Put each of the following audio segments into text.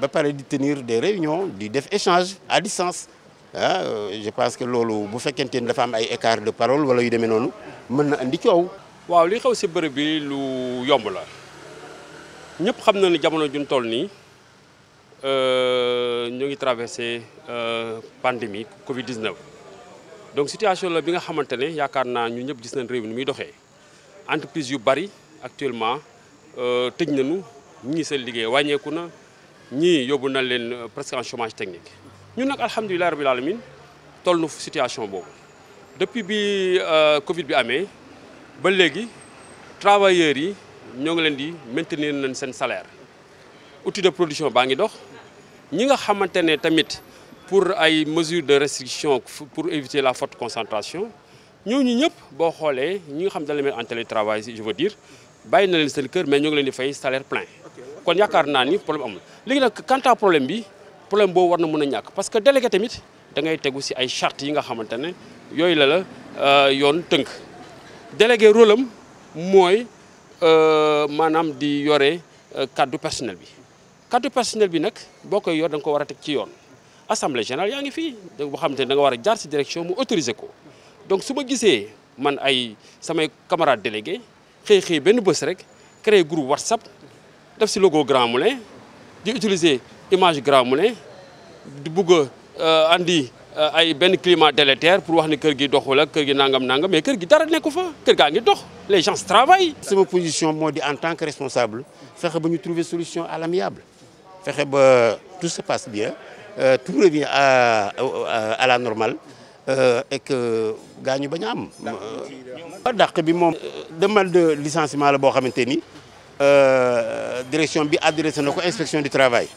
ba pare de tenir des réunions di def échange à distance ah euh, je pense que loolu bu fekkente ni dafa am ay écart de parole wala yu demee noonu mën na andi coow. waaw li xew si bërëb bi lu yomb la ñëpp xam na ne jamono juñ toll nii euh, ñu ngi traversé euh, pandémie Covid 19. donc situation la bi nga xamante ne yaakaar naa ñu ñëpp gis nañ réew ni muy entreprise yu bari actuellement tëj nañu ñu ngi seen liggéey wàññeeku ni yóbbu euh, presque en chômage technique ñun nag alhamdulilah rabil alamin toll situation boobu depuis bi euh, Covid bi amee ba léegi travailleurs yi ñoo ngi leen di maintenir nañ salaire Outils de production baa ngi dox ñi nga xamante tamit pour ay mesures de restriction pour éviter la forte concentration Nous ñëpp boo xoolee ñi nga xam dañ en télétravail je veux dire bàyyi na leen seen mais ñoo leen di fay salaire plein kon yaakaar naa ni problème amul léegi nag quant à problème bi problème boobu war na mun a ñàkk parce que délégué tamit da ngay tegu si ay charte yi nga xamante ne yooyu la la euh, yoon tënk délégué rôle am mooy euh, maanaam di yore kaddu euh, personnel bi kaddu personnel bi nag boo koy yor da nga ko war a teg ci yoon assemblée générale yaa ngi fii boo xamante ne danga war a jaar si direction mu autoriser ko donc su ma gisee man ay samay camarades délégués xëy xëy benn bés rek créer groupe whatsapp def si logo Grand Moulin di utiliser image Grand Moulin di bugg euh, andi euh, ay benn climat délétère pour wax ni kër gi doxul ak kër gi nangam nangam mais kër gi dara nekku fa kër gaa ngi dox les gens travaillent. sama position moi, di en tant que responsable faire ba ñu trouver solution à l'amiable fexe ba tout se passe bien euh, tout revient à à la normale euh, et que gagne bañ a am. dàq bi de demande de licenciement la boo xamante ni. Euh, direction bi adressé nako inspection du travail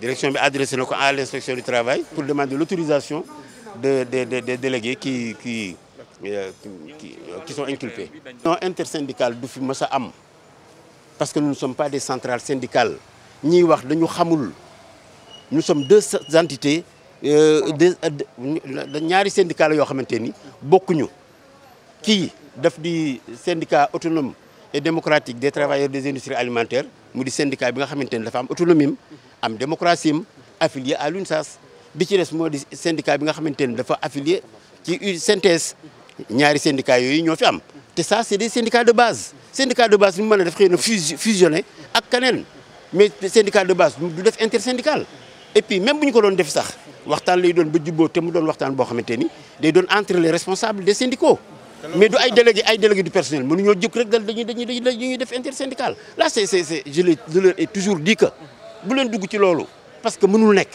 direction bi adressé à l'inspection du travail pour demander l'autorisation des délégués euh, qui qui sont inculpés. non intersyndicale du parce que nous ne sommes pas des centrales syndicales nous sommes deux entités. Euh, deux ñaari syndicats qui et démocratique des travailleurs des industries alimentaires mu di syndicat bi nga xamante ne dafa am am démocratie am affilié à l'UNSAS bi ci des syndicat syndicat bi nga xamante dafa affilié ci synthèse ñaari syndicats yooyu ñoo Femme. am ça c'est des syndicats de base syndicat de base ñu mën a def fusionner, à fusionné ak keneen mais syndicat de base du def intersyndical et puis même bu ñu ko doon def sax waxtaan lay doon ba jubboo te mu doon waxtaan boo xamante ni doon entre les responsables des syndicats mais du ay délégué ay délégué du personnel mënuñoo juk rek dal dañuy dañuy dañuy def intersyndical là c'est c'est je l'ai je toujours dit que bu len dugg ci lolu parce que mënul nek